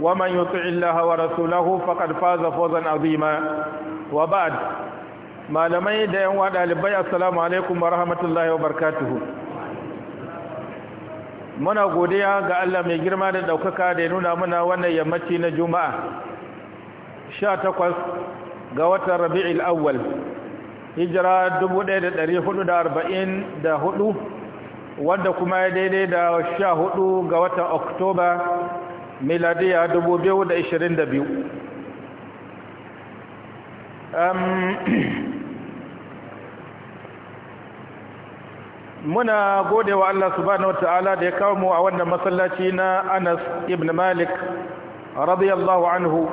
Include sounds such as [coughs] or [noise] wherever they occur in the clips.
ومن يطع الله ورسوله فقد فاز فوزا عظيما وبعد malamai da yan wada libai assalamu alaikum wa rahmatullahi wa barakatuhu muna godiya ga Allah mai girma da daukaka da nuna muna wannan yammaci na juma'a Sha 18 ga wata rabi'il awwal hijira da hudu. wanda kuma ya daidai da sha 14 ga wata Oktoba. miladiya 2022 [clears throat] muna gode wa Allah subhanahu wata'ala da ya kawo mu a wannan masallaci na Anas ibn Malik radiyallahu anhu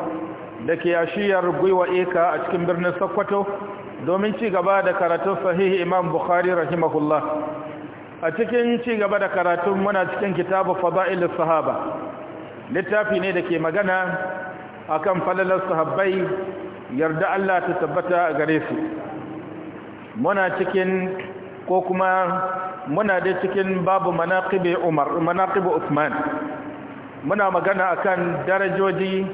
da ke ashiyar gwiwa eka a cikin birnin Sokoto domin ci gaba da karatun sahihi Imam Bukhari rahimahullah a cikin ci gaba da karatun muna cikin kitabu fada'ilus sahaba littafi ne da ke magana akan falalar sahabbai yarda Allah ta tabbata a gare su muna cikin ko kuma muna da cikin babu manaqibi Umar manaqibi Usman. muna magana akan darajoji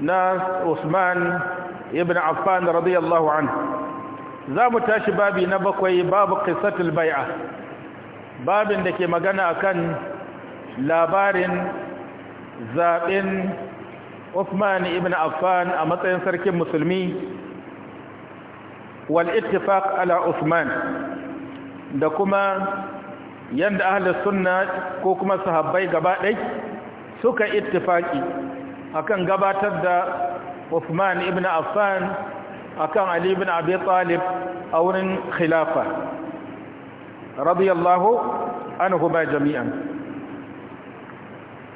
na Usman ibn Affan radiyallahu anhu zamu tashi babi na bakwai babu qissatul bai'a babin da ke magana akan labarin zaɓen Uthman ibn Affan a matsayin sarkin musulmi wal ittifaq ala Uthman da kuma yanda ahli sunna ko kuma sahabbai gaba ɗai suka ittifaki akan gabatar da Uthman ibn Affan akan Ali ibn Abi Talib a wurin khilafa radiyallahu anhu ba jami'an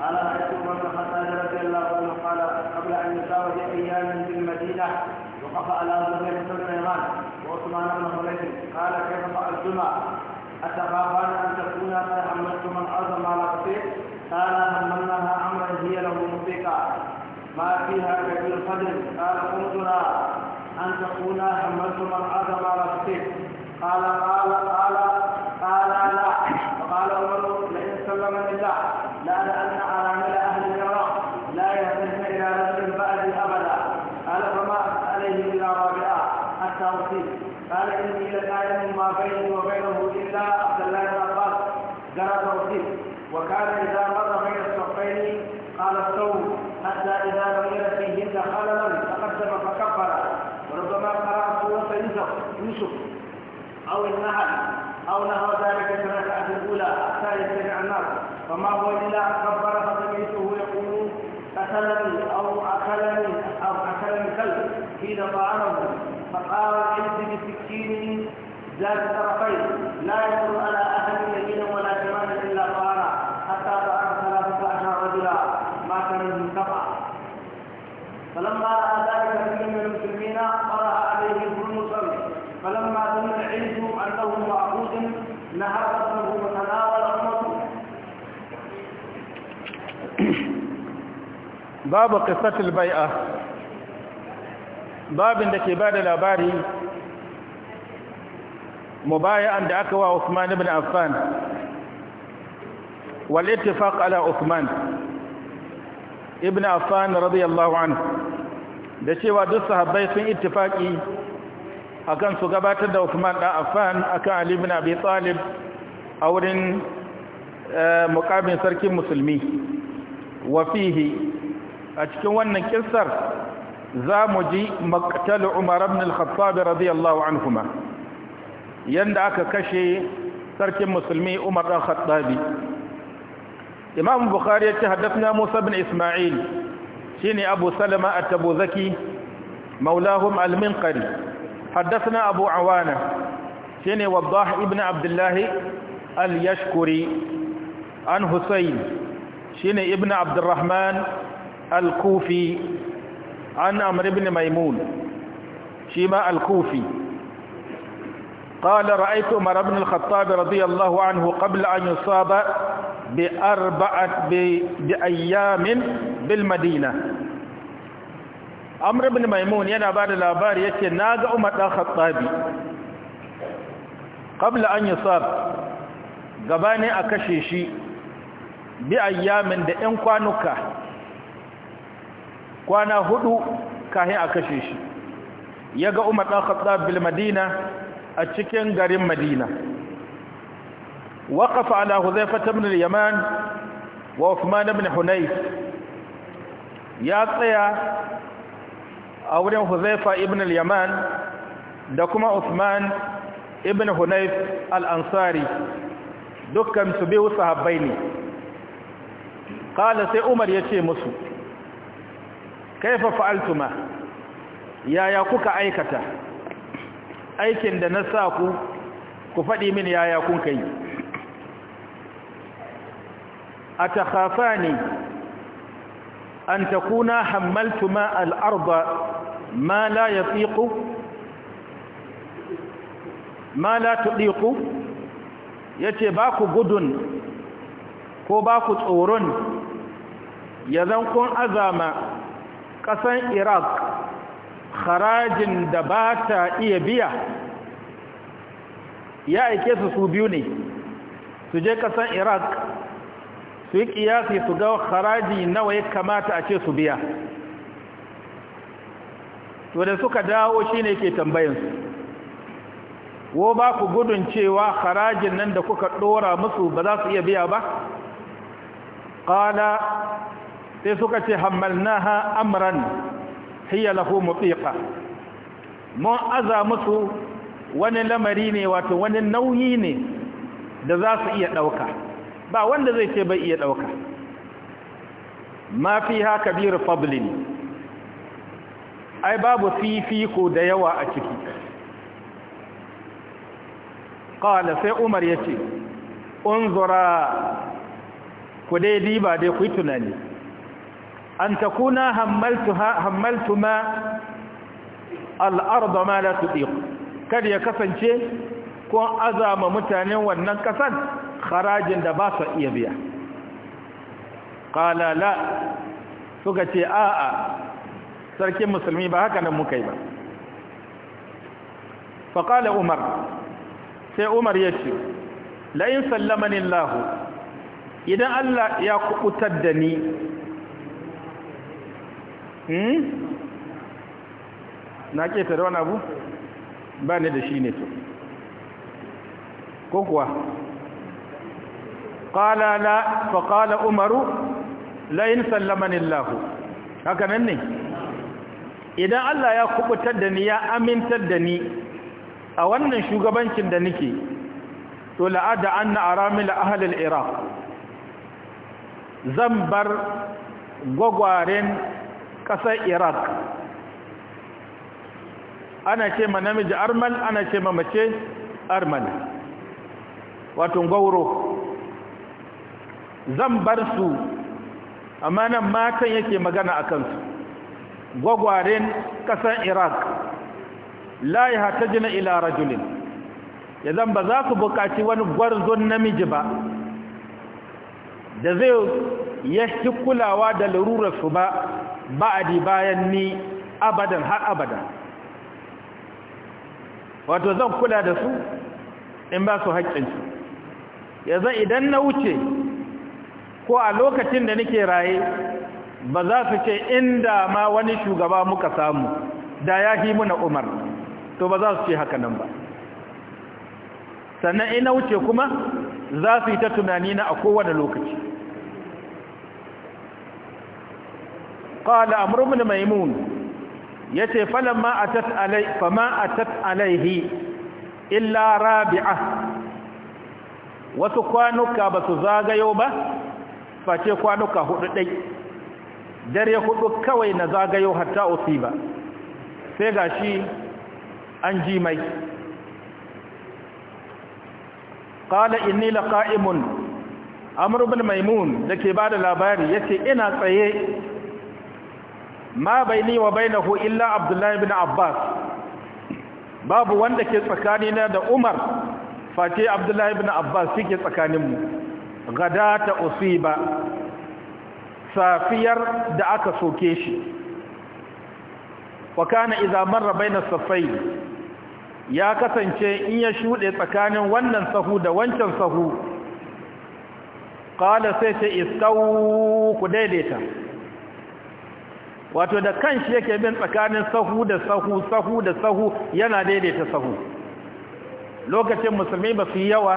قال رأيت عمر بن الخطاب رضي الله عنه قال قبل أن يساوي اياما في المدينة وقف على ظهر بن ايران وعثمان بن خليفة قال كيف فعلتما أتخافان أن تكون حملتما الأرض ما لا تطيق قال حملناها أمرا هي له مطيقا ما فيها كبير فضل قال قلتنا أن تكون حملتما الأرض ما لا تطيق قال قال قال قال لا فقال عمر لئن سلم الله بينه وبينه إلا عبد الله بن عباس جرى توحيد وكان ذات الطرفين لا يدخل على أحد يمين ولا شمالا إلا طعنا حتى طعن ثلاثة عشر رجلا ما كان منهم كفى فلما رأى ذلك كثير من المسلمين قرأ عليهم كل مصلي فلما ظن العز أنه معبود نهى قتله وتناول أمره باب قصة البيئه باب da ke ba da mubaya'an da aka wa Uthman ibn Affan wal ittifaq ala Uthman ibn Affan radiyallahu anhu da cewa duk sahabbai sun ittifaki akan su gabatar da Uthman dan Affan akan Ali ibn Abi Talib a wurin muqamin sarkin musulmi wa fihi a cikin wannan kissar za mu ji maqtal Umar ibn al-Khattab radiyallahu anhuma yanda aka kashe sarkin musulmi Umar dan Khattabi Imam Bukhari ya ce haddathna Musa bin Isma'il ne Abu Salama at-Tabuzaki maulahum al-Minqari haddathna Abu Awana ne Waddah ibn Abdullahi al-Yashkuri an Husayn ne ibn Abdurrahman al-Kufi an Amr ibn Maimun shima al-Kufi قال رأيت عمر بن الخطاب رضي الله عنه قبل أن يصاب بأربعة بأيام بالمدينة عمر بن ميمون ينا بعد الأبار يتي ناغ عمر الخطاب قبل أن يصاب قباني أكشيشي بأيام دئن قانوكا قانا هدو كاهي أكشيشي يقى عمر الخطاب بالمدينة a cikin garin madina waƙafa ala huzaifata ibn yaman wa uthman ibn hunayf ya tsaya a wurin huzaifa ibn yaman da kuma Usman ibn hunayf al-ansari dukkan su biyu sahabbai ne Kale sai umar ya ce musu kaifafa altuma yaya kuka aikata aikin da na sa ku ku faɗi min yaya kun kai a takhafa ne an takuna hammaltu ma al'arba ma la ya tsiku ma la tuɗiku ya ce ba ku gudun ko ba ku tsoron ya zan kun azama ƙasan iraq harajin da ba ta iya biya ya aike su su biyu ne su je kasan iraq su yi kiyasi su ga haraji nawa ya kamata a ce su biya to da suka dawo shine ne ke tambayinsu wo ba ku gudun cewa harajin nan da kuka ɗora musu ba za su iya biya ba ƙala sai suka ce hamalnaha amran hiya lahu mutiqa mun aza musu wani lamari ne wato wani nauyi ne da za su iya ɗauka ba wanda zai ce bai iya ɗauka ma fi haka biyu fablin ai babu fifiko da yawa a ciki ƙala sai umar ya ce unzura ku dai diba dai ku yi tunani an takuna hammaltuma al'arda ma la tuɗiƙ kada ya kasance ko azama mutanen wannan ƙasar harajin da ba su iya biya ƙalala suka ce a'a sarkin musulmi ba haka nan muka yi ba faƙala umar sai umar ya ce la'in sallamanin lahu idan allah ya kukutar da ni Hmm? na ƙetare wani abu ba ni da shi ne to ko kuwa qala la fa qala umaru layin in sallamani haka nan ne idan Allah ya kubutar da ni ya amintar da ni a wannan shugabancin da nake to la'ada anna aramil ahli al-iraq zan bar gwagwaren kasar iraq ana ce ma namiji Arman, ana ce ma mace Arman. wato gauro zan bar su amma nan matan yake magana a kansu gwagwaren ƙasar iraq layi hata jina ila rajulin ya zan ba za ku buƙaci wani gwarzon namiji ba da zai ya kulawa da larurarsu ba ba'adi bayan ni abadan har abadan wato zan kula da su in ba su haƙƙinsu zan idan na wuce ko a lokacin da nake raye ba za su ce inda ma wani shugaba muka samu da ya fi muna umar to ba za su ce haka nan ba sannan ina wuce kuma za su yi ta tunani na a kowane lokaci qala amr ibn maimun yace falamma atat alai fama atat alaihi illa rabi'a wasu kwanuka ba su zagayo ba face kwanuka hudu dai dare hudu kawai na zagayo hatta usiba sai gashi an ji mai qala inni laqa'imun amr ibn maimun dake bada labari yace ina tsaye ma baini wa bainahu illa abdullahi bin abbas babu wanda ke tsakani na da umar face abdullahi bin abbas suke tsakaninmu gada ta usiba safiyar da aka soke shi wa kana izamar rabai na safai ya kasance in ya shuɗe tsakanin wannan sahu da wancan sahu ƙala sai ta istau ku daidaita wato da kanshi yake bin tsakanin sahu da sahu sahu da sahu yana daidaita sahu lokacin musulmi ba su yi yawa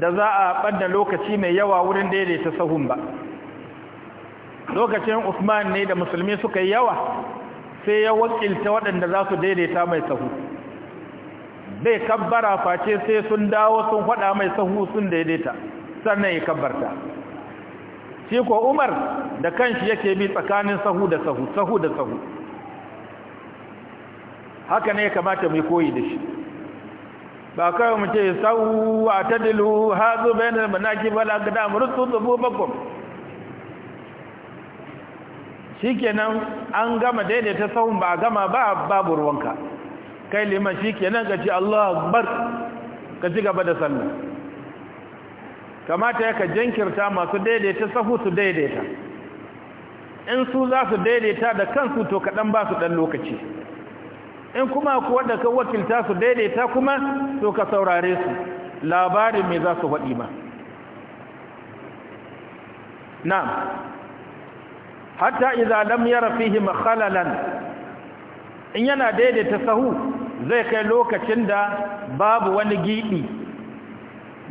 da za a ɓadda lokaci mai yawa wurin daidaita sahun ba lokacin usman ne da musulmi suka yi yawa sai ya wakilta waɗanda za su daidaita mai sahu bai kabbara face sai sun dawo sun haɗa mai sahu sun daidaita sannan ya kabbarta shi ko umar da kanshi yake bi tsakanin sahu da sahu sahu da sahu haka ne ya kamata mai koyi da shi ba kawai mu ce sahu a hazu bayanar manaki bala gada murutu zubu bakwam shikenan an gama daidaita sahun ba gama ba babu ruwanka kai liman shikenan ka ci Allah akbar ka ci gaba da sallah kamata ya ka jinkirta masu daidaita sahu su daidaita in su za su daidaita da kansu to kaɗan ba su ɗan lokaci in kuma ku da ka wakilta su daidaita kuma to ka saurare su labarin me za su faɗi ma na'am hatta idza lam yara in yana daidaita sahu zai kai lokacin da babu wani giɗi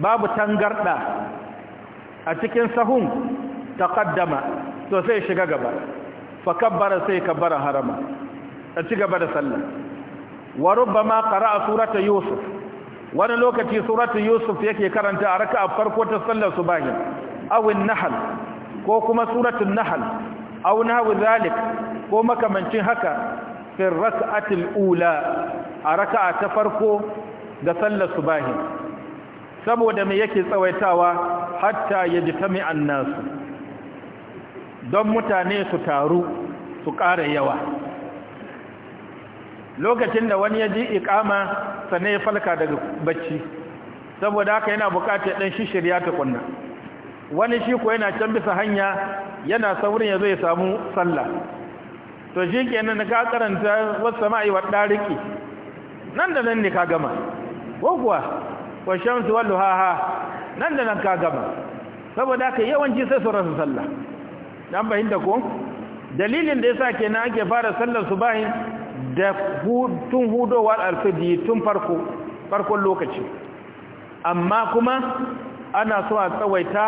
babu tangarda a cikin sahun taqaddama to sai shiga gaba fa kabbara sai kabbara harama a ci gaba da sallah wa rubbama qara'a surata yusuf wani lokaci suratu yusuf yake karanta a raka'a farko ta sallar subahi aw an-nahl ko kuma suratul nahl aw nahwu zalik ko makamancin haka fi rak'atil ula a raka'a ta farko da sallar subahi saboda me yake tsawaitawa hatta ya ji ta annas don mutane su taru su ƙara yawa lokacin da wani ya ji ikama sannan ya falka daga bacci saboda haka yana bukatar ɗan shishirya ta kunna wani shi ko yana can bisa hanya yana saurin ya zo ya samu sallah to shi kenan ka karanta wasu wa ɗariki nan da nan ne ka gama ko kuwa wa shamsu wal duhaha nan da nan ka gama saboda haka yawanci sai su rasa sallah dan hinda ko dalilin da yasa kenan ake fara sallar subahi da tun hudowar alfidi tun farko farkon lokaci amma kuma ana so a tsawaita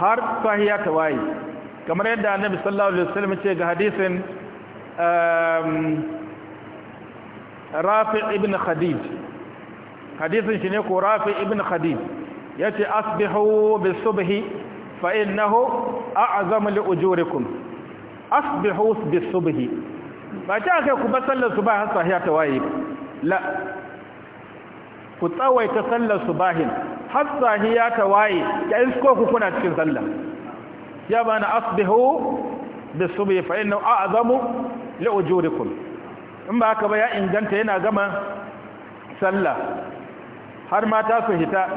har sahiya ta waye kamar yadda annabi sallallahu alaihi wasallam ce ga hadisin um, Rafi' ibn Khadij hadisin shi ne ko rafi ibn khadim yace asbihu bisubhi fa innahu a'zamu li ujurikum asbihu bisubhi ba ta kai ku ba sallar subah har sahiya ta waye la ku tsawaita sallar subahin har sahiya ta waye ya isko ku kuna cikin sallah ya bana asbihu bisubhi fa innahu a'zamu li ujurikum in ba haka ba ya inganta yana gama sallah har mata su hita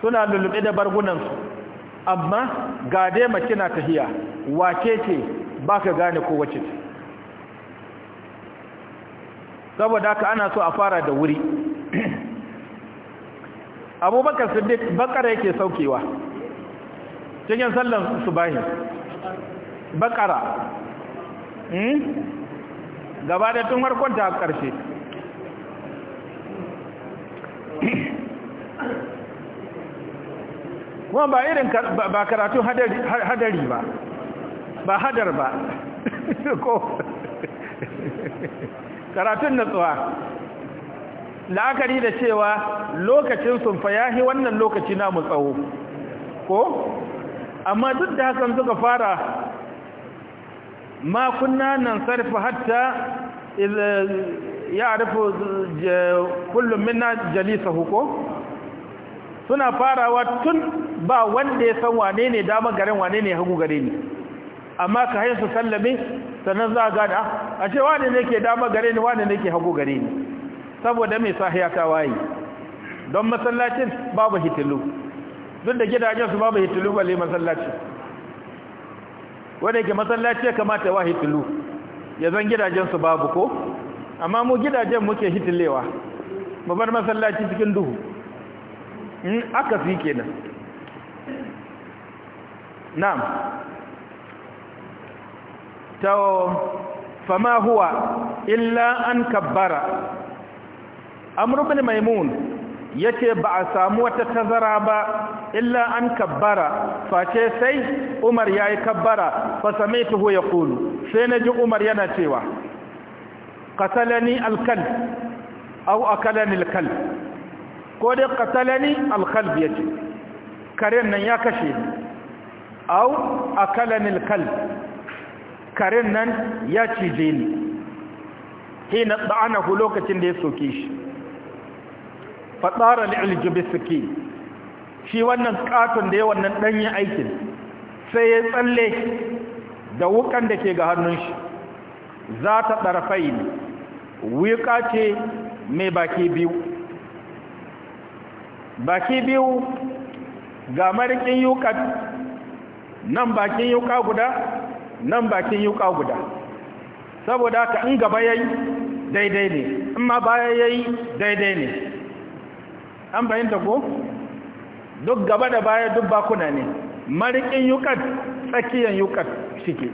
suna lullube da bargunansu amma ga dai mace na tahiya wace ce ba ka gane ko wace ce saboda haka ana so a fara da wuri [clears throat] abubakar siddiq bakara yake saukewa cikin sallan subahi bakara hmm? gaba da tun harkonta a ƙarshe [coughs] kuma ba irin ba karatu hadari ba ba hadar ba [coughs] ko [coughs] karatun natsuwa la'akari da cewa lokacin sunfa yahi wannan lokaci namu tsawo ko amma duk da hakan suka fara ma kunna nan sarfa hatta ya arifu kullum minna Jalisa huko suna farawa tun ba wanda ya san wane ne dama garin wane ne hagu gare ni amma ka hain su sallame sannan za a gada a ce wane ne ke dama gare ni wane ne ke hagu gare ni saboda mai sahiya ta waye don masallacin babu hitilu duk da gidajen su babu hitilu balle masallaci wanda ke masallaci ya kamata ya wa hitilu ya zan gidajensu babu ko amma mu gidajen muke hitilewa bar masallaci cikin duhu in hmm, aka fi kenan na'am ta fama huwa illa an kabbara amr Maimun maimun yace ba a samu wata tazara ba illa an kabbara face sai Umar ya yi kabbara fa samaituhu yaqulu sai na ji Umar yana cewa qatalani al-kal aw akalani al ko dai qatalani alkal kal yace karen nan ya kashe au aw akalani al karen nan ya cije ni hina da'anahu lokacin da ya soke shi fa tsara li'iljibi suki shi wannan katon da ya wannan danyen aikin sai ya tsalle da wukan da ke ga hannun shi za ta ɗarfai ne wuka ce mai baki biyu baki biyu ga marikin yuka nan bakin yuka guda nan bakin yuka guda saboda ka in gaba yayi daidai ne in ma baya yayi daidai ne an bayyanta ko duk gaba da baya duk bakuna ne marikin yukat tsakiyan yukat shike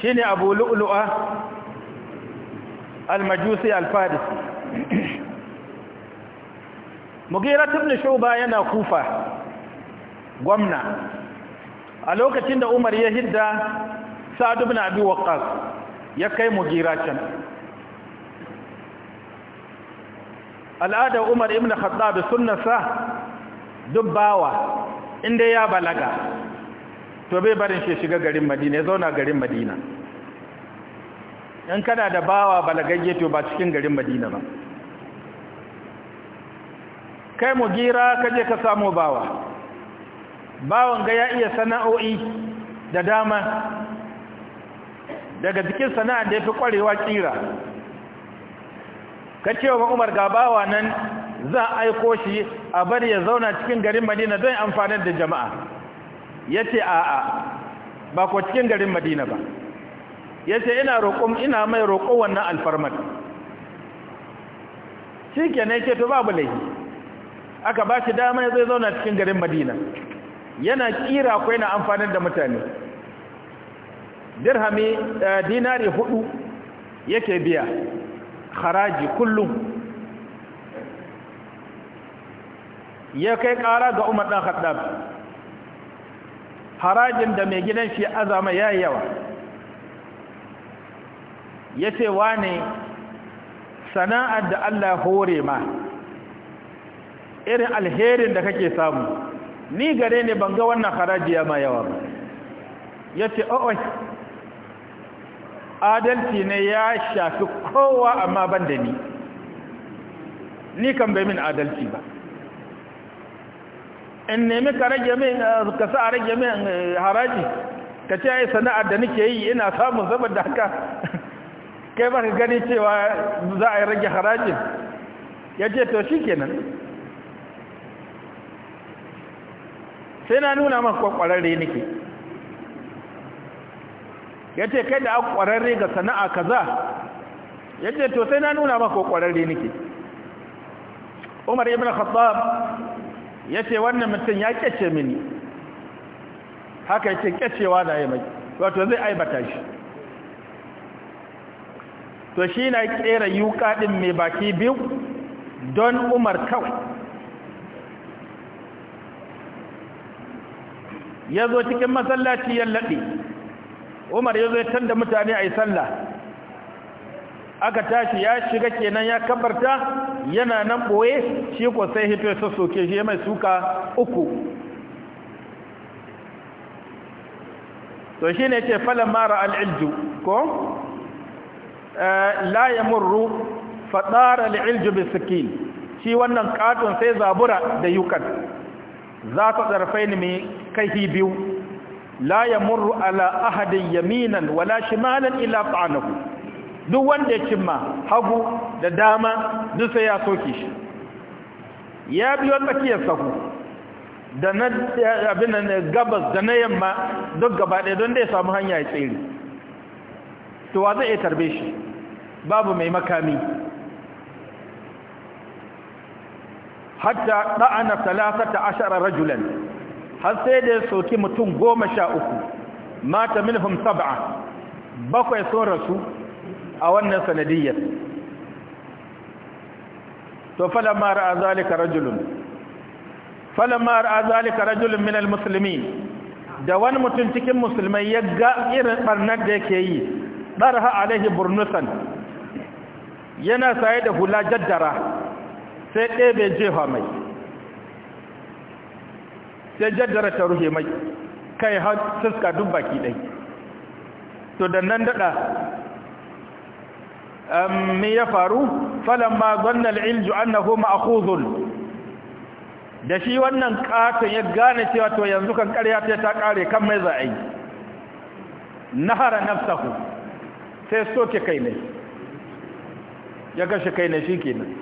shine abu lu'lu'a al-majusi al-farisi [clears throat] shuba yana kufa gwamna a lokacin da umar ya hidda sa'ad ibn abi waqqas ya kai mugira can al'adar umar ibn khattab duk dubbawa inda ya balaga to bai barin shi shiga garin madina ya zauna garin madina in kana da bawa balagagge to ba cikin garin madina ba kai mu gira kaje ka samu bawa bawan ga ya iya sana'o'i da dama daga cikin sana'a da ya fi kwarewa kira ka ce wa umar gabawa nan za a aiko shi a bari ya zauna cikin garin madina don amfanar da jama'a ya ce a'a ba ko cikin garin madina ba ya ce ina roƙon ina mai roƙon wannan alfarmar shi ke na ce to babu laifi aka ba shi dama ya zai zauna cikin garin madina yana kira ko yana amfanar da mutane dirhami eh, dinari hudu yake biya haraji kullum ya kai ƙara ga umar ɗan khaddab harajin da mai gidan shi azama ya yawa ya ce wa sana'ar da Allah hore ma irin alherin da kake samu ni gare ne ban ga wannan haraji ya ma yawa ba ya ce adalci ne ya shafi kowa amma ban da ni ni kan bai min adalci ba in nemi ka rage min ka sa a rage min eh, haraji ka ce ai sana'ar da nake yi ina samun saboda haka [laughs] kai ba ka gani cewa za a yi rage harajin ya ce to shi kenan sai na nuna maka kwakwararre nake ya ce kai da aka ƙwararre ga sana'a kaza ya ce to sai na nuna maka ƙwararre nake umar ibn khattab ya ce wannan mutum ya kyace mini haka ya ce kyacewa na yi mai wato zai aibata shi to shi na kera yuka ɗin mai baki biyu don umar kau ya zo cikin masallaci ya umar ya zo tanda mutane a yi sallah aka tashi ya shiga kenan ya kabarta yana nan ɓoye shi ko sai hito ya soke shi mai suka uku to shi ne ce falon mara al'ilju ko eh, la ya murru faɗar al'ilju bisikin shi wannan katon sai zabura da yukan za ka tsarfai ne mai kai biyu la ya murru ala ahadin yaminan wala shimalan ila ta'anahu duk wanda ya cimma hagu da dama duk sai ya soke shi ya biyo tsakiyar sahu da na abin gabas da na yamma duk gaba ɗaya don da ya samu hanya ya tsere to wa zai tarbe shi babu mai makami hatta da'ana 13 rajulan har sai da ya soki mutum goma sha uku mata minhum sab'a bakwai sun rasu a wannan sanadiyyar to falamma ra'a zalika rajulun falamma ra'a zalika rajulun min al-musulmi da wani mutum cikin musulmai ya ga irin barnar da yake yi ɗarha alaihi burnusan yana saye da hula jaddara sai ɗebe jefa mai sai jaddara ta rufe mai kai har suska duk baki ɗai to da nan daɗa mai ya faru falon ma gwannan ilju annahu ma'akhuzun da shi wannan katon ya gane cewa to yanzu kan ƙarya ta ta ƙare kan mai za a yi nahara nafsahu sai soke kai ne ya gashi kai ne shi kenan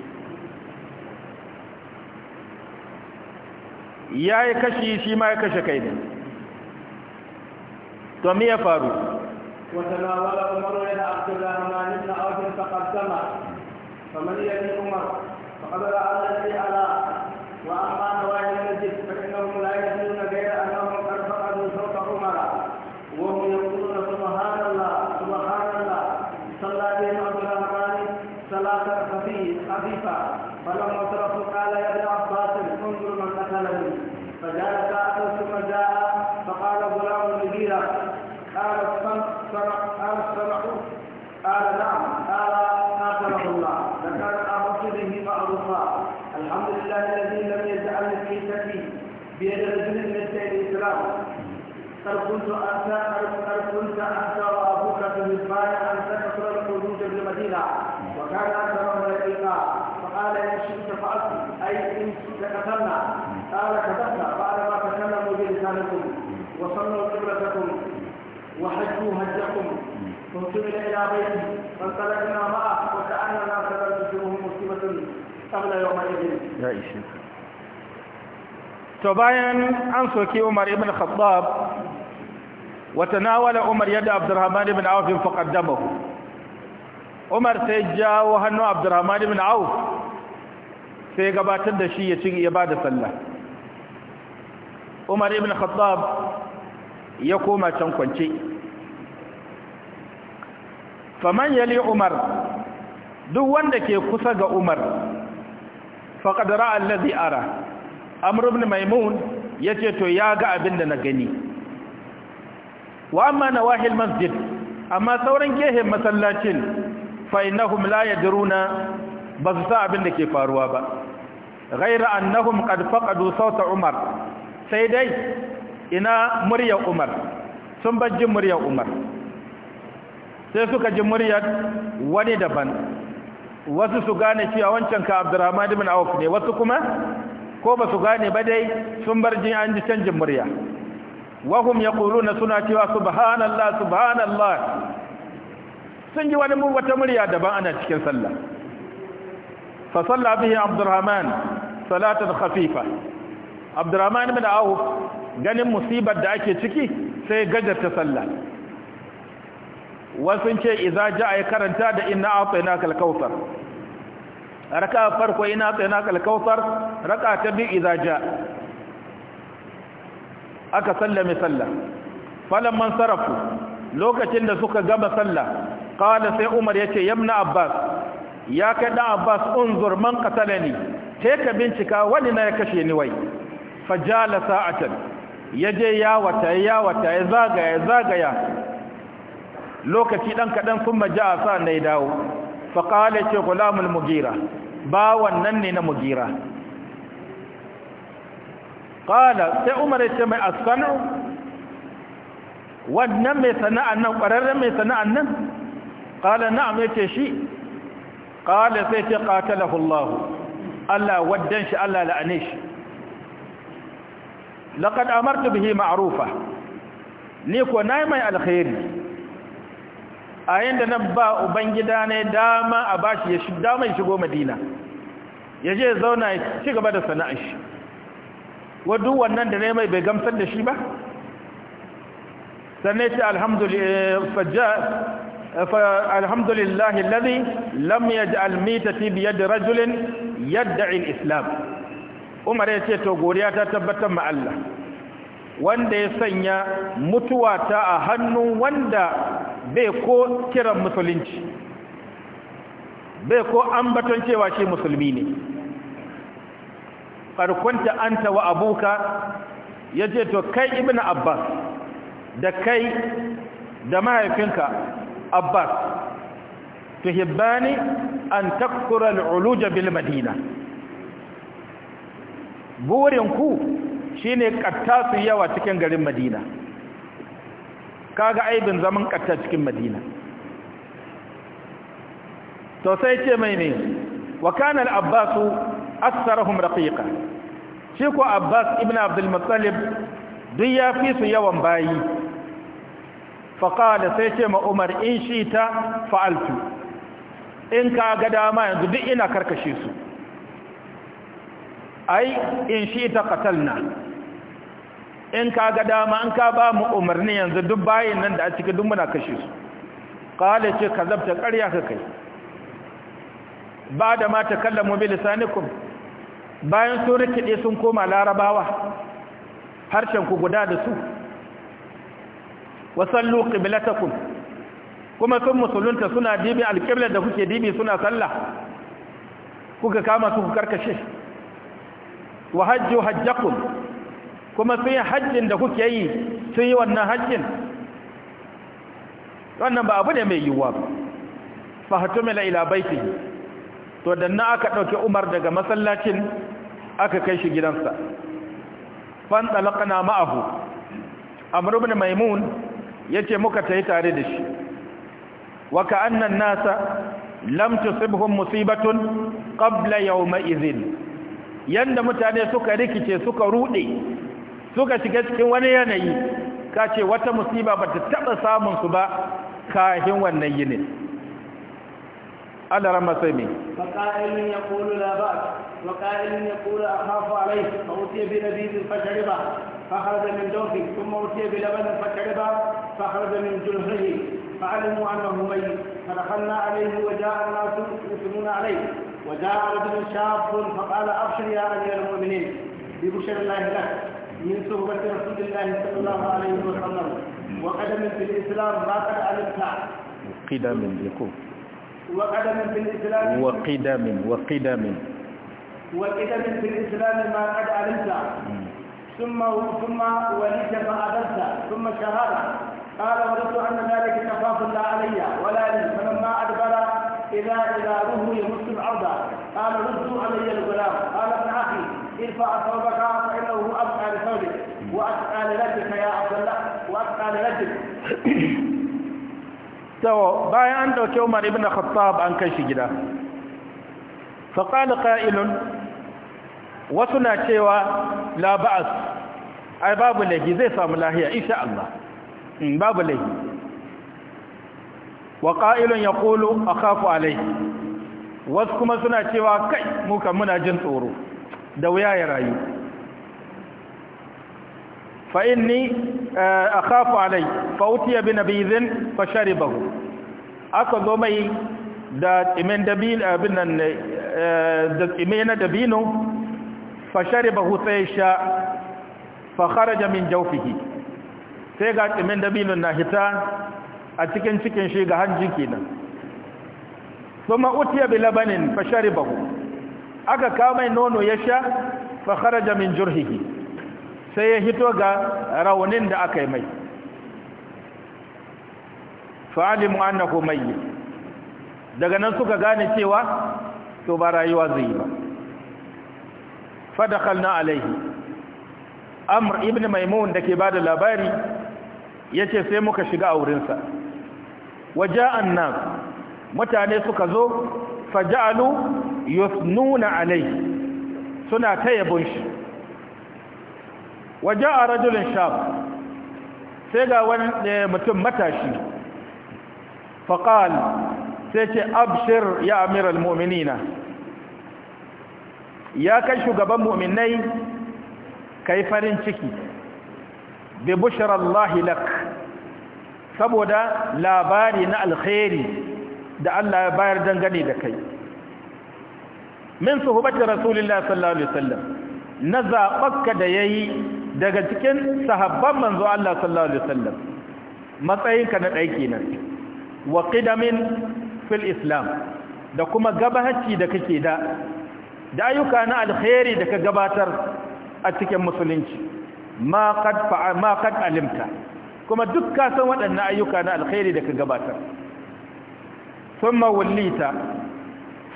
ya yi kashi shi ma ya kashe kai ne to me ya faru watanawala umaru ya abdulla hamani na aukin takaddama kamar yadda umar fa kadara allazi ala wa amma بيته فانطلقنا معه كذلك قبل يومئذ to bayan an soke Umar ibn Khattab wa Umar yadda Abdurrahman ibn Auf fa qaddamahu Umar sai jawo hannu Abdurrahman sai gabatar da shi ya ci ya bada sallah Umar ibn Khattab ya koma can kwance faman yali umar duk wanda ke kusa ga umar faqad ra'a allazi ara amr ibn maimun yace to ya ga abin da na gani wa amma nawahil masjid amma sauran gehen masallacin fa innahum la ba su sa abin da ke faruwa ba ghaira annahum qad faqadu sauta umar sai dai ina murya umar sun bajji murya umar sai suka ji muryar wani daban wasu su gane cewa wancan ka abdurrahman ibn auf ne wasu kuma ko ba su gane ba dai sun bar jin an ji canjin murya wahum yaquluna suna cewa subhanallah subhanallah sun ji wani wata murya daban ana cikin sallah fa salla bihi abdurrahman salatan khafifa abdurrahman ibn auf ganin musibar da ake ciki sai gajarta sallah wasu ce iza ja yi karanta da ina atayna kal kautsar raka farko ina atayna kal raka ta bi iza ja aka sallame sallah falamman sarrafu. lokacin da suka gaba sallah kawada sai umar ya ce yamna abbas ya kai ɗan abbas unzur man ni sai ka bincika wani na ya kashe ni wai fajala sa'atan can. ya je ya wata ya zagaya zagaya lokaci dan kaɗan sun maja sa na ne dawo fa qala ce gulamul mugira ba wannan ne na mugira qala sai umar ya ce mai asanu wannan mai sana'an nan ƙwararren mai sana'an nan qala na'am yace shi qala sai ce qatalahu Hullahu. Allah waddan shi Allah la'ane shi laqad amartu bihi ma'rufa ni ko nayi mai alkhairi a yadda nan ba ubangida ne dama a bashi ya dama shigo madina ya je zauna ya ci gaba da sana'ar shi wadu wannan da ne mai bai gamsar da shi ba sannan ya ce alhamdulillahi lalzi lam ya ji almitati biyar da rajulin yadda islam umar ya ce to goriya ta tabbatar ma Allah wanda ya sanya mutuwa ta a hannu wanda bai ko kiran musulunci bai ko ambaton cewa shi musulmi ne farkonta an wa abuka ya ce to kai ibn abbas da kai da mahaifinka abbas hibbani an takura al'uluja bil madina burinku shine kattasu yawa cikin garin madina kaga aibin zaman katta cikin madina to sai ce mai ne wa kana al-abbas aktharuhum raqiqa shi ko abbas ibn abdul muttalib duk ya fi su yawan bayi fa kana sai ce ma umar in shita fa'altu in ka ga dama yanzu duk ina karkashe su ai in shita qatalna in ka ga dama an ka ba mu umarni yanzu duk bayin nan da a cikin duk muna kashe su qala ce kazabta ƙarya ka kai ba da ma takallamu bi lisanikum bayan sun rikide sun koma larabawa harshen ku guda da su wasallu qiblatakum kuma sun musulunta suna dibi alqibla da kuke dibi suna sallah kuka kama su ku karkashe wa hajju hajjakum kuma sun yi hajjin da kuke yi sun yi wannan hajjin wannan ba abu ne mai yiwuwa ba bai ila baiti to da na aka ɗauki umar daga masallacin aka kai shi gidansa fanɗalaƙana ma'ahu amurbin maimun ya ce muka ta yi tare da shi waka annan nasa lam tusibhum musibatun ƙabla yau ma'izin Yadda mutane suka rikice suka rude suka shiga cikin wani yanayi ka ce wata musiba ba ta taɓa samunsu ba kahin wannan yini Allah rama sai mai faƙa'ilin ya kulu labar waƙa'ilin ya kulu a hafu alai a wuce bi na bizin fatari ba fahar da min dofi kuma wuce bi labarin fatari ba fahar da min julhuri fa'alimu annahu mai fadakanna alaihi wa ja'a nasu musulmuna alai wa ja'a rajulun shafun faqala abshir ya amiyar mu'minin bi bushra Allah lak من صحبة رسول الله صلى الله عليه وسلم وقدم في الإسلام ما قد علمتها قدم يقول وقدم في الإسلام وقدم وقدم وقدم في الإسلام ما قد علمتها ثم ثم ولدت فأبدت ثم شهادة قال وردت أن ذلك كفاف لا علي ولا لي فلما أدبر إذا إذا روه يمس الأرض قال ردوا علي الغلام قال ابن أخي ارفع صوبك فإنه أبقى لثوبك وأبقى لردك يا عبد الله وأبقى لردك تو باي عنده كومر ابن خطاب عن كيش جدا فقال قائل وسنا شيوا لا بأس أي باب لي زي صام الله هي إن شاء الله باب لي وقائل يقول أخاف عليه وسكما سنا شيوا كي موكا منا جنس ورو da wuya ya rayu fa inni eh, akhafu alai fa utiya bi nabidhin fa sharibahu aka zo mai da imen dabino abin nan eh, da imena dabino fa sharibahu sai sha fa kharaja min jawfihi sai ga imen dabino na hita a cikin cikin shi ga hanji kenan kuma utiya bi labanin fa sharibahu aka kama nono ya sha fa kharaja min jurhihi sai ya hito ga raunin da aka yi mai fa alimu annahu mayyit daga nan suka gane cewa to ba rayuwa zai ba fa dakhalna alaihi amr ibn maimun da dake bada labari yace sai muka shiga a wurinsa waja'an nas mutane suka zo faja'alu yusnuna alai suna ta yabon shi waje a rajulun shab sai ga wani eh, mutum matashi faƙal sai ce abshir ya amiral mu'minina ya kai shugaban mu'minai kai farin ciki bi bushirallahi lak saboda labari na alkhairi da Allah ya bayar dangane da kai min suhbati rasulillah sallallahu alaihi wasallam na zabakka da yayi daga cikin sahabban manzo Allah sallallahu alaihi wasallam matsayinka na dai kenan wa qidamin fil islam da kuma gabahaci da kake da da ayyuka na alkhairi da ka gabatar a cikin musulunci ma ma alimta kuma duk ka san waɗannan ayyuka na alkhairi da ka gabatar thumma wallita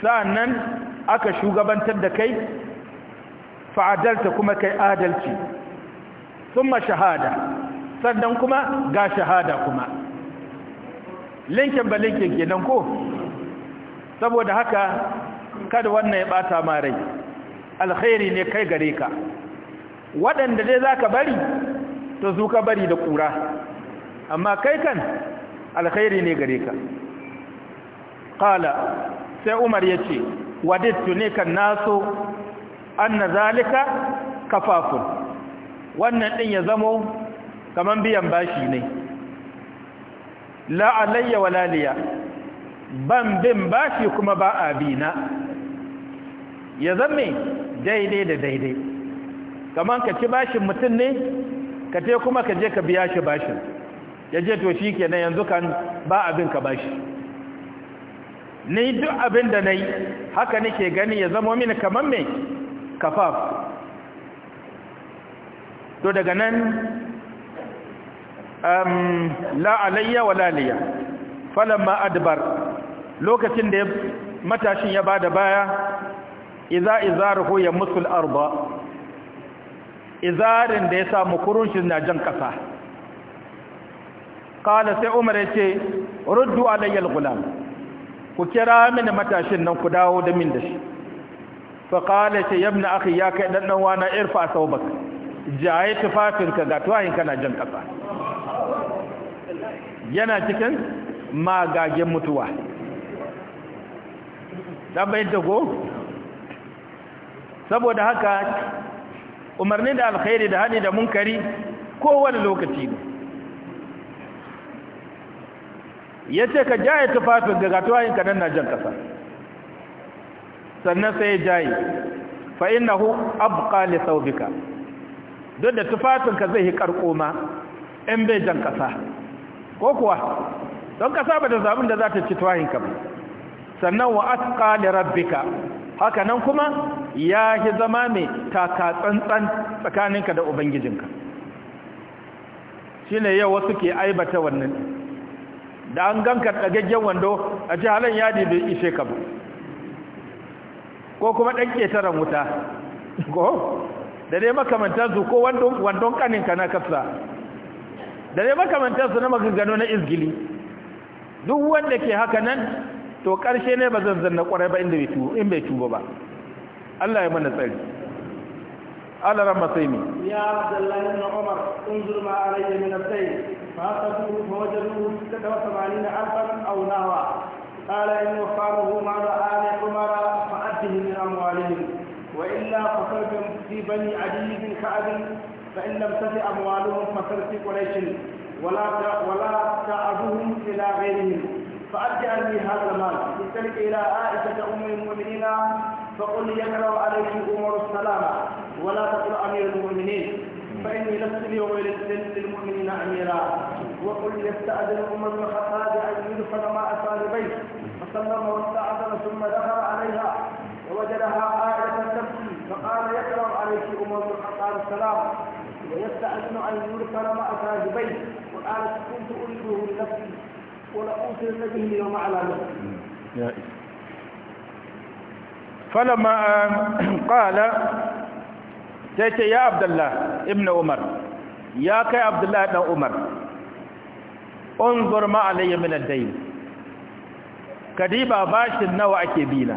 sa'annan aka shugabantar da kai fa'adalta kuma kai adalci thumma shahada sannan kuma ga shahada kuma linkin ba linkin kenan ko saboda haka kada wannan ya bata ma rai alkhairi ne kai gare ka waɗanda dai zaka bari to zu ka bari da ƙura. amma kai kan alkhairi ne gare ka qala sai umar ya ce. wadittu ne kan naso anna zalika kafafun wannan din ya zamo kaman biyan bashi ne la alayya wala ban bin bashi kuma ba abina ya zame daidai da daidai kaman ka ci bashin mutum ne ka te kuma ka je ka biya shi bashin ya je to shi kenan yanzu kan ba abin ka bashi ni duk abin da na yi haka nake gani ya zama mini kamar mai kafaf to daga nan um, la'alayya wa Falon ma adbar lokacin da matashin ya bada baya iza izaruhu ya musul arba izarin da ya samu kurushin na jan kasa kala sai umar ya ce ruddu alayyal gulam ku kira mini matashin nan ku dawo da min da shi fa qala ta yabna ya kai dan dan wana irfa saubak jaye tufafinka ga tuwayin kana jan kasa yana cikin magagen mutuwa dan bai saboda haka umarni da alkhairi da hani da munkari kowane lokaci ne ya ce ka jaye tufafin daga tuwayin ka na jan ƙasa sannan sai ya jaye fa innahu abqa li thawbika duk da tufafin ka zai yi karko in bai jan ƙasa ko kuwa don ƙasa ba da zabin da za ta ci tuwayin ka ba sannan wa asqa li rabbika haka nan kuma ya yi zama mai taka tsantsan tsakaninka da ubangijinka shi ne yau wasu ke aibata wannan da an ganka ɗagaggen wando a ce halin yadi bai ishe ka ba ko kuma ɗan ƙetaren wuta ko da dai su ko wandon ƙaninka na kafsa da dai su na maganganu na izgili duk wanda ke haka nan to ƙarshe ne ba zan zanna ƙwarai ba in bai tuba ba Allah ya mana tsari Allah ran masai ne ya Abdullahi ibn Umar unzur ma alayya min as فأخذوه فوجدوه ستة وسبعين ألفا أو نهوا قال إن وفاره مال آل عمر فأده من أموالهم وإلا فصرف في بني عدي بن كعب فإن لم تفي أموالهم فصرف في قريش ولا ولا تعبهم إلى غيرهم فأدى لي هذا المال استلك إلى عائشة أم المؤمنين فقل يقرأ عليك عمر السلام ولا تقل أمير المؤمنين فإني لست اليوم لست للمؤمنين أميرا وقل يستأذن أمم الخطاب أن يدخل اتى طالبيه فسلم واستعذن ثم دخل عليها ووجدها آية تبكي فقال يقرأ عليك أم الخطاب السلام ويستأذن أن يدخل اتى طالبيه وقالت كنت أريده لنفسي ولأوصلن به اليوم على نفسي فلما آه، قال sai ce ya abdullah ibn umar ya kai abdullah dan umar unzur ma alayya min ad-dayn kadiba bashin nawa ake bina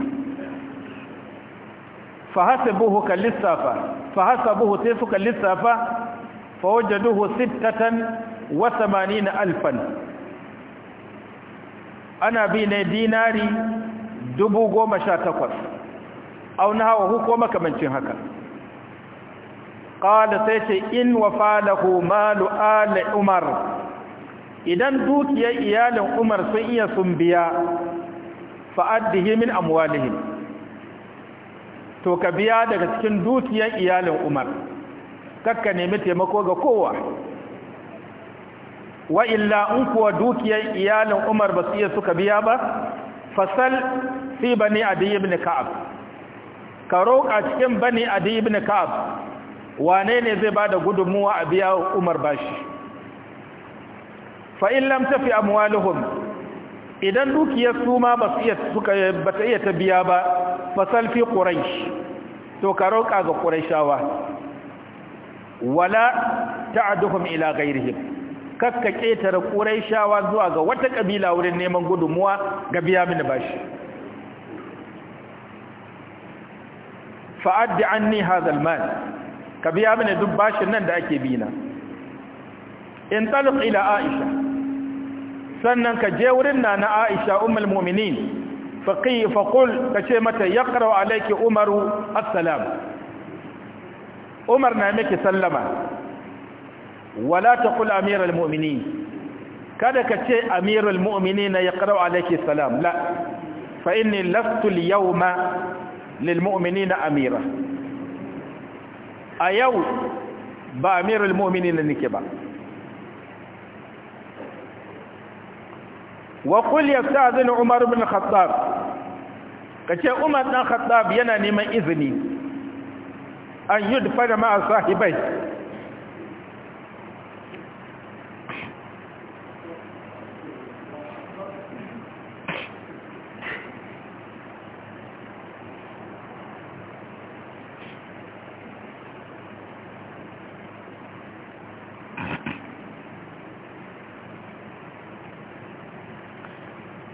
fa hasabuhu kalisafa fa hasabuhu tifu kalisafa fa wajaduhu sittatan wa 80 alfan ana bi ne dinari takwas. au hawa ko makamancin haka qala sai ce in wafalahu malu ali umar idan dukiyar iyalin umar sun iya sun biya fa'addihi min amwalihim to ka biya daga cikin dukiyar iyalin umar kakka nemi taimako ga kowa wa illa in kuwa dukiyar iyalin umar ba su iya suka biya ba fasal fi bani adi ibn ka'ab ka roƙa cikin bani adi ibn ka'ab wane ne zai bada gudunmuwa a biya umar bashi fa in lam tafi idan dukiyar su ma ba iya ta iya ta biya ba fasalfi salfi quraish to ka roka ga ƙuraishawa wala ta'aduhum ila ghairihim kakka ƙetare quraishawa zuwa ga wata ƙabila wurin neman gudunmuwa ga biya mini bashi fa'addi anni hadha al-mal ka biya mini duk bashin nan da ake na. in talif ila aisha sannan ka je wurin na na aisha ummul mu'minin faqi faqul ka ce mata ya yaqra alaiki umaru assalam umar na miki sallama wala ta taqul amiral mu'minin kada ka ce amirul mu'mini na ya ƙarau alaiki salam la fa inni lastul yau ma lil mu'mini na amira a yau ba amirul na nike ba wa qul yasta'zinu umar ibn khattab kace umar dan khattab yana neman izini an yudfa da sahibai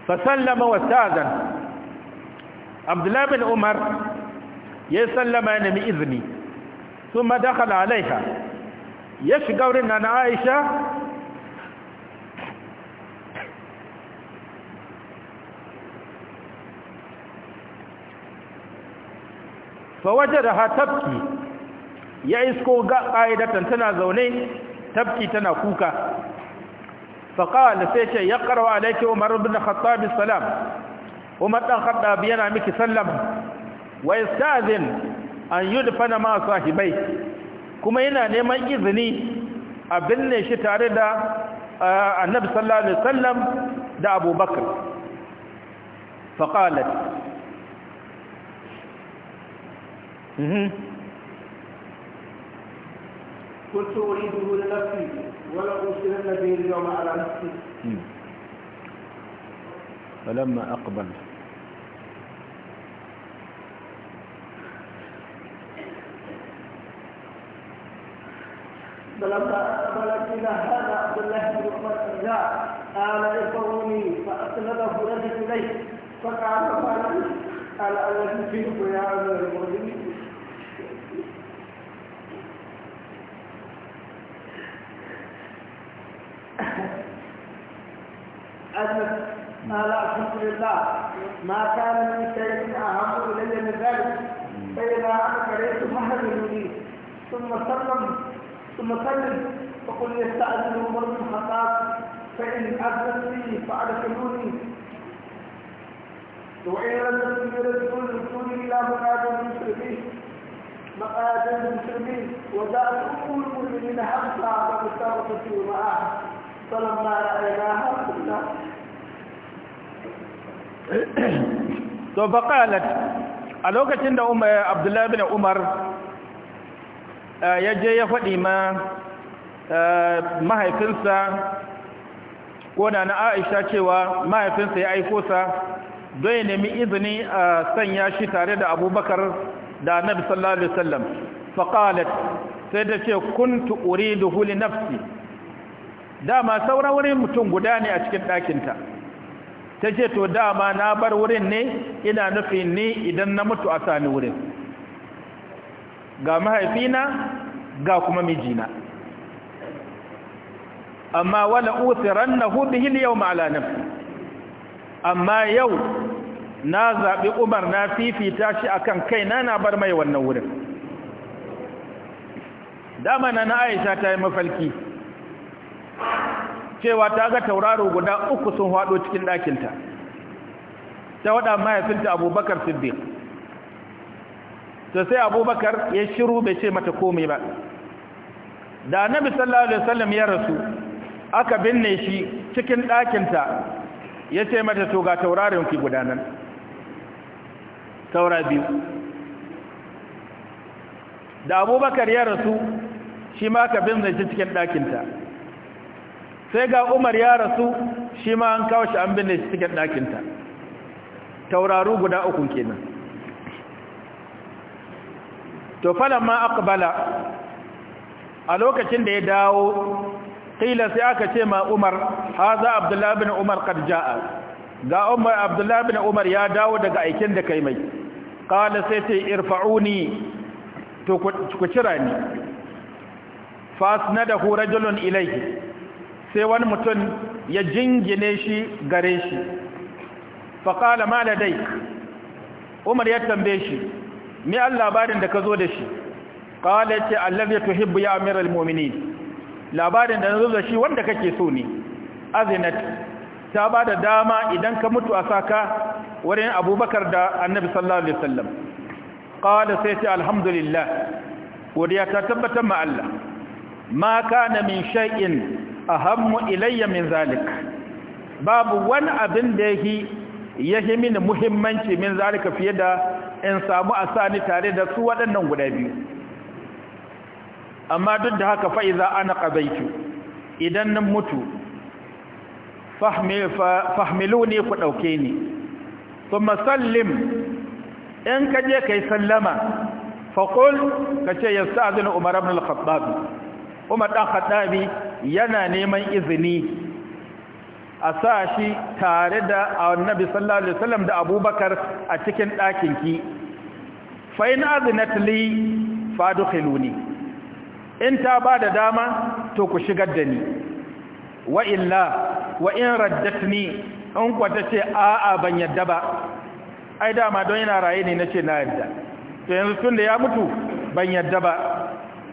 fasallama wa sa'adan abdullahi bin umar ya yi sallama ya nemi izini sun dakala alaiha ya shiga wurin na aisha fawaje da ha tafki ya isko ga ƙa'idatan tana zaune tafki tana kuka faƙawa sai ce ya ƙarwa alaiki umar bin khattabi salam umar ɗan khattabi yana miki sallam wa istazin an yi dufana ma sahibai kuma yana neman izini a binne shi tare da annabi sallallahu alaihi Sallam da abubakar faƙalat قلت أريده لنفسي ولأرسلن به اليوم على نفسي فلما أقبل فلما أقبلت إلى هذا عبد الله بن عمر لا قال ارفعوني فأسنده رجل إليه فقال قال الذي فيكم يا أمير المؤمنين ما لا الحمد لله ما كان من شيء أهم إلي من ذلك فإذا أنا فهد لي ثم سلم ثم سلم فقل يستأذن عمر بن الخطاب فإن أذن لي فأدخلوني وإن لم يرسلون رسول إلى مقعد المسلمين مقعد المسلمين وجاءت أم المؤمنين حفصة ومستغفرة معها فلما رأيناها قلنا a lokacin da Abdullahi bin Umar eh, ya je ya faɗi ma eh, mahaifinsa ko na Aisha cewa mahaifinsa ya aiko sa don ya nemi izini a sanya shi tare da Abubakar da Annabi sallallahu alaihi wasallam faqalat sai da ce kuntu uridu li nafsi dama sauran wurin mutum guda ne a cikin ɗakinta ta ce to dama na bar wurin ne ina nufi ni idan na mutu a sani wurin ga mahaifina ga kuma mijina amma wala utiran na hudu hiliyau ma'ala amma yau na zaɓi umar na fifita shi akan kaina na bar mai wannan wurin dama na na aisha ta yi mafalki cewa ta ga tauraro guda uku sun hado cikin ɗakinta ta waɗa mahaifinta abubakar siddiq to sai abubakar ya shiru bai ce mata komai ba da annabi sallallahu alaihi wasallam ya rasu aka binne shi cikin ɗakinta ya ce mata to ga tauraron ki nan. taura biyu da abubakar ya rasu shi ma ka binne shi cikin ɗakinta sai ga umar ya rasu shi ma an kawo shi an binne shi cikin ɗakinta tauraru guda uku kenan to falan ma aqbala a lokacin da ya dawo qila sai aka ce ma umar haza abdullahi umar qad jaa ga umar abdullahi umar ya dawo daga aikin da kai mai qala sai ce irfa'uni to ku cira ni fasnadahu rajulun ilayhi sai wani mutum ya jingine shi gare shi faƙala ma da dai umar ya tambaye shi me an labarin da ka zo da shi ƙala ce allazi tuhibbu ya amiral mu'minin labarin da na zo da shi wanda kake so ne azinat ta ba da dama idan ka mutu a saka wurin abubakar da annabi sallallahu alaihi wasallam qala sai ce alhamdulillah godiya ta tabbatar ma Allah ma kana min shay'in ahammu ilayya min zalik babu wani abin da yake yake mini muhimmanci min zalika fiye da in samu asani tare da su waɗannan guda biyu amma duk da haka fa ana qabaitu idan nan mutu fahmiluni ku dauke ni kuma sallim in ka je kai sallama fa qul kace yasta'zinu umar ibn al-khattab umar ɗan haɗabi yana neman izini a sa shi tare da annabi sallallahu alaihi wasallam da abubakar a cikin ɗakinki fa'in azinatli fadukhiluni in ta ba da dama to ku shigar da ni wa illa wa in raddatni in kwata ce a'a ban yadda ba ai dama don yana raye ne nace na yadda to yanzu tun da ya mutu ban yadda ba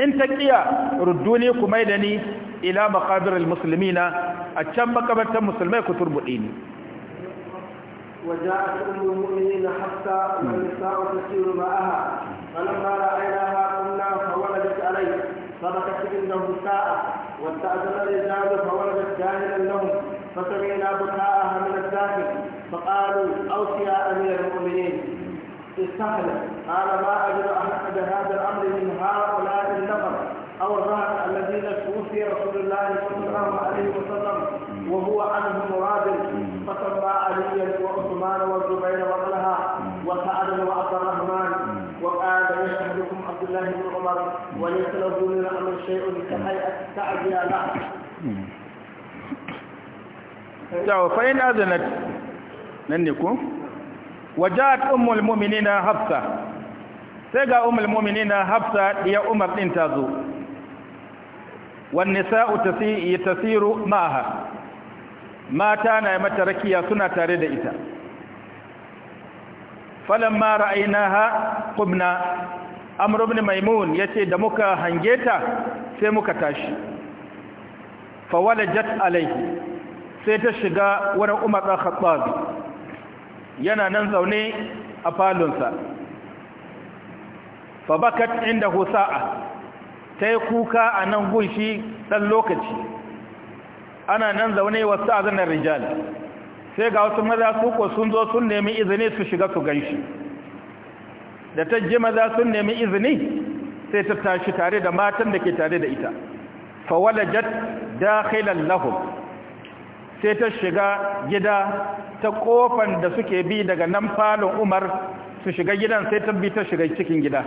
إن ta ردوني rudduni إلى مقابر المسلمين ni ila maqabiril muslimina a وجاءت أم المؤمنين حتى والنساء تسير معها فلما رأيناها قلنا فولدت عليه فبكت عنده ساعة واستأذن الرجال فولدت جاهلا لهم فسمعنا بكاءها من الداخل فقالوا أوصي يا أمير المؤمنين استهلك قال ما أجد أحد هذا الأمر من هؤلاء النفر أو الرهن الذين توفي رسول الله صلى الله عليه وسلم وهو عنه مراد فسمى عليا وعثمان والزبير وطلحة وسعد وعبد الرحمن وقال يشهدكم عبد الله بن عمر وليس له من الأمر شيء كهيئة التعزية له فإن أذنت لن يكون wajat ummul mu'minina hafsa sai ga ummul mu'minina hafsa ya umar din ta zo wan nisa'u tasiru ma'aha mata na mata rakiya suna tare da ita falamma ra'aynaha qumna amr ibn maimun yace da muka hange ta sai muka tashi fawalajat alayhi sai ta shiga wurin umar bin khattab yana nan zaune a falonsa fabakat inda husa'a ta yi kuka a nan gunshi ɗan lokaci ana nan zaune wasu azanar rijal sai ga wasu maza su ko sun zo sun nemi izini su shiga su ganshi da ta je maza sun nemi izini sai ta tashi tare da matan da ke tare da ita fawalajat dakhilan lahum sai ta shiga gida ta kofan da suke bi daga nan falon umar su shiga gidan sai ta bi ta shiga cikin gida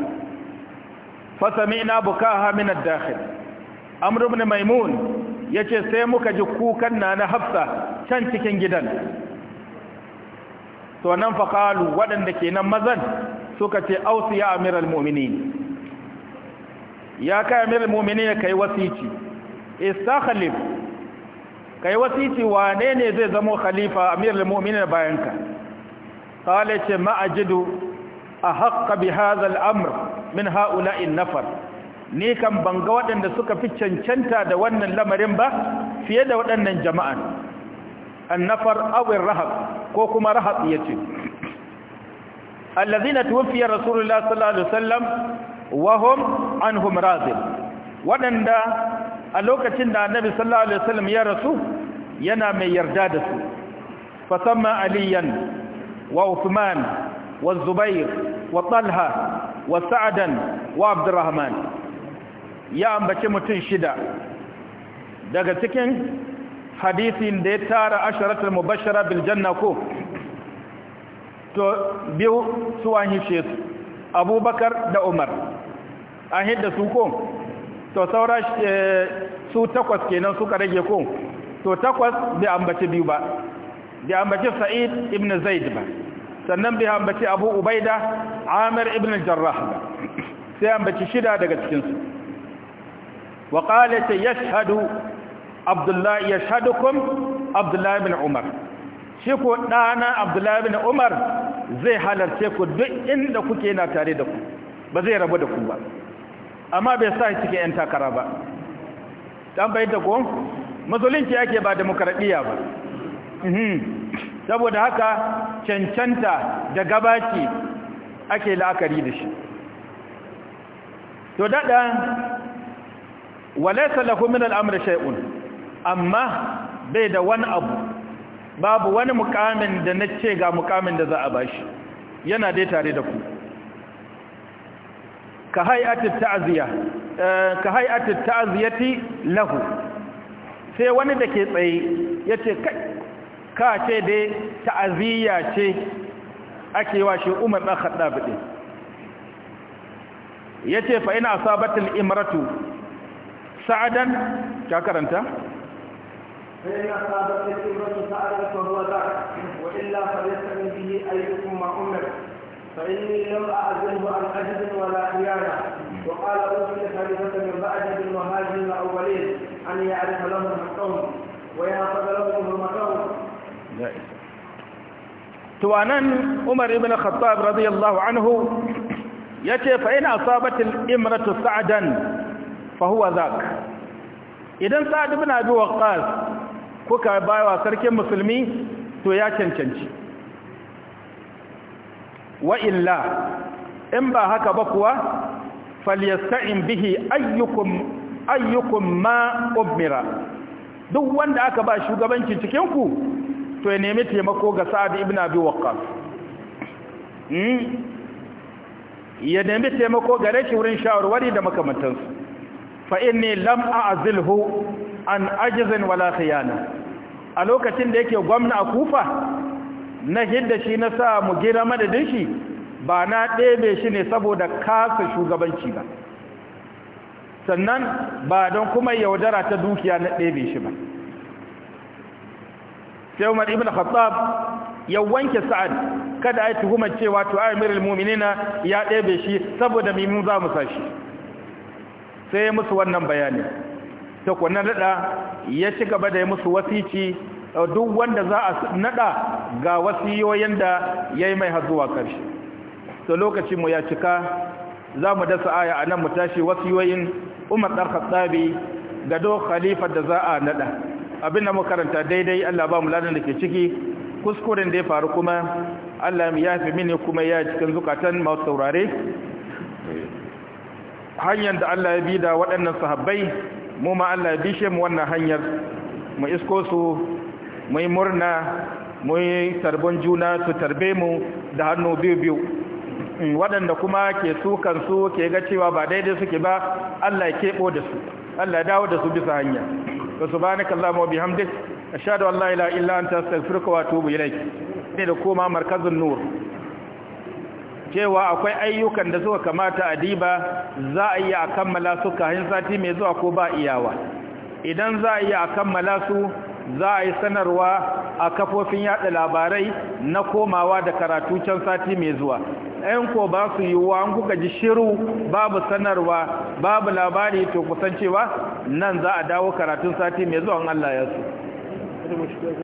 fasami na buka haminar dakhil amr ibn maimun yace sai muka ji kukan na na hafsa can cikin gidan to nan faqalu waɗanda nan mazan suka ce Ausu ya amiral mu'minin ya kai amiral mu'minin kai wasici istakhlif kai wasiti wanene ne zai zamo khalifa amirul mu'minin bayan bayanka. qala ce ma'ajidu a haƙa bi hadha al-amr min ha'ula'i nafar ni kan banga waɗanda suka fi cancanta da wannan lamarin ba fiye da waɗannan jama'an annafar awin rahab ko kuma rahab ya ce allazina tuwfiya rasulullah sallallahu alaihi wasallam wa anhum razib waɗanda a lokacin da annabi sallallahu alaihi wasallam ya rasu yana mai yarda da su fasamma aliyan wa uthman wa zubair wa talha wa sa'dan wa abdurrahman ya ambaci mutum shida daga cikin hadisin da ya tara asharatul mubashara bil janna ko to biyu suwan hishe abubakar da umar an hidda su ko to saura eh, su takwas kenan suka rage ko to takwas bai ambaci biyu ba bai ambaci sa'id ibn zaid ba sannan bai ambaci abu ubaida amir ibn jarrah ba [clears throat] sai ambaci shida daga cikinsu wa qala ta yashhadu abdullahi yashhadukum abdullahi ibn umar shi ko dana abdullahi ibn umar zai halarce ku duk inda kuke na tare da ku ba zai rabu da ku ba amma bai sa cikin 'yan takara ba ɗan bai da ko musulunci yake ba demokaradiyya ba mhm. saboda haka cancanta da gabaci ake la'akari da shi to daɗa walaisa lahu min al'amur shay'un amma bai da wani abu babu wani mukamin da na ce ga mukamin da za a bashi yana dai tare da ku ka hay'atit ta'ziya eh, ka hay'atit ta'ziyati lahu sai wani da ke tsaye yace kai ka ce dai ta'ziya ce ake wa shi Umar dan Khattab din yace fa ina asabatil imratu sa'adan ka karanta فإن أصابت الإمرة سعادة فهو ذاك وإلا فليستمن به أيكم ما أمر فإني لم أعزمه عن أجد ولا خيانة وقال أوصي خليفة من بعد بالمهاجرين الأولين أن يعرف لهم حقهم ويعقد لهم حرمتهم توانا عمر بن الخطاب رضي الله عنه يتي فإن أصابت الإمرة سعدا فهو ذاك اذا سعد بن أبي وقاص كوكا باي سركي مسلمي تو يا تنشنشي wa illa in ba haka ba kuwa falyasta'in bihi ayyukun ayyukum ma umira duk wanda aka ba shugabanci cikinku, ku to ya nemi taimako ga Sa'ad ibn Abi Waqqas hmm? ya nemi taimako ga rashin wurin shawarwari da makamantansu fa inni lam a'zilhu an ajzin wala khiyana a lokacin da yake gwamna a Kufa na hidda shi na sa mu gina madadin shi ba na ɗebe shi ne saboda kasa shugabanci ba sannan ba don kuma yaudara ta dukiya na ɗebe shi ba sai umar ibn khattab ya wanke sa'ad kada ai tuhumar cewa to amirul mu'minina ya ɗebe shi saboda mimu za mu shi sai musu wannan bayani ta na dada ya ci gaba da ya musu wasici duk wanda za a nada ga wasiyoyin da ya yi mai hazuwa karshe to lokacin mu ya cika za mu dasa aya a nan mu tashi wasiyoyin Umar ɗan Khattabi ga do khalifar da za a nada abin da makaranta daidai Allah ba mu ladan da ke ciki kuskuren da ya faru kuma Allah ya fi mini kuma ya cikin zukatan masu saurare hanyar da Allah ya bi da waɗannan sahabbai mu ma Allah ya bishe mu wannan hanyar mu isko su mai murna mai tarbon juna su tarbe mu da hannu biyu biyu mm, waɗanda kuma ke su ke ga cewa ba daidai suke ba Allah ya keɓo da su Allah ya dawo da su bisa hanya wa subhanaka allahumma wa bihamdik ashhadu an la ilaha illa anta astaghfiruka wa atubu ilaik ne da koma markazun nur cewa akwai ayyukan da suka kamata a diba za a iya a kammala su kahin sati mai zuwa ko ba iyawa idan za a iya a kammala su za a yi sanarwa a kafofin yada labarai na komawa da karatu can sati mai zuwa yan ko ba su yi wa kuka ji shiru babu sanarwa babu labari to kusancewa nan za a dawo karatun sati mai zuwa Allah ya su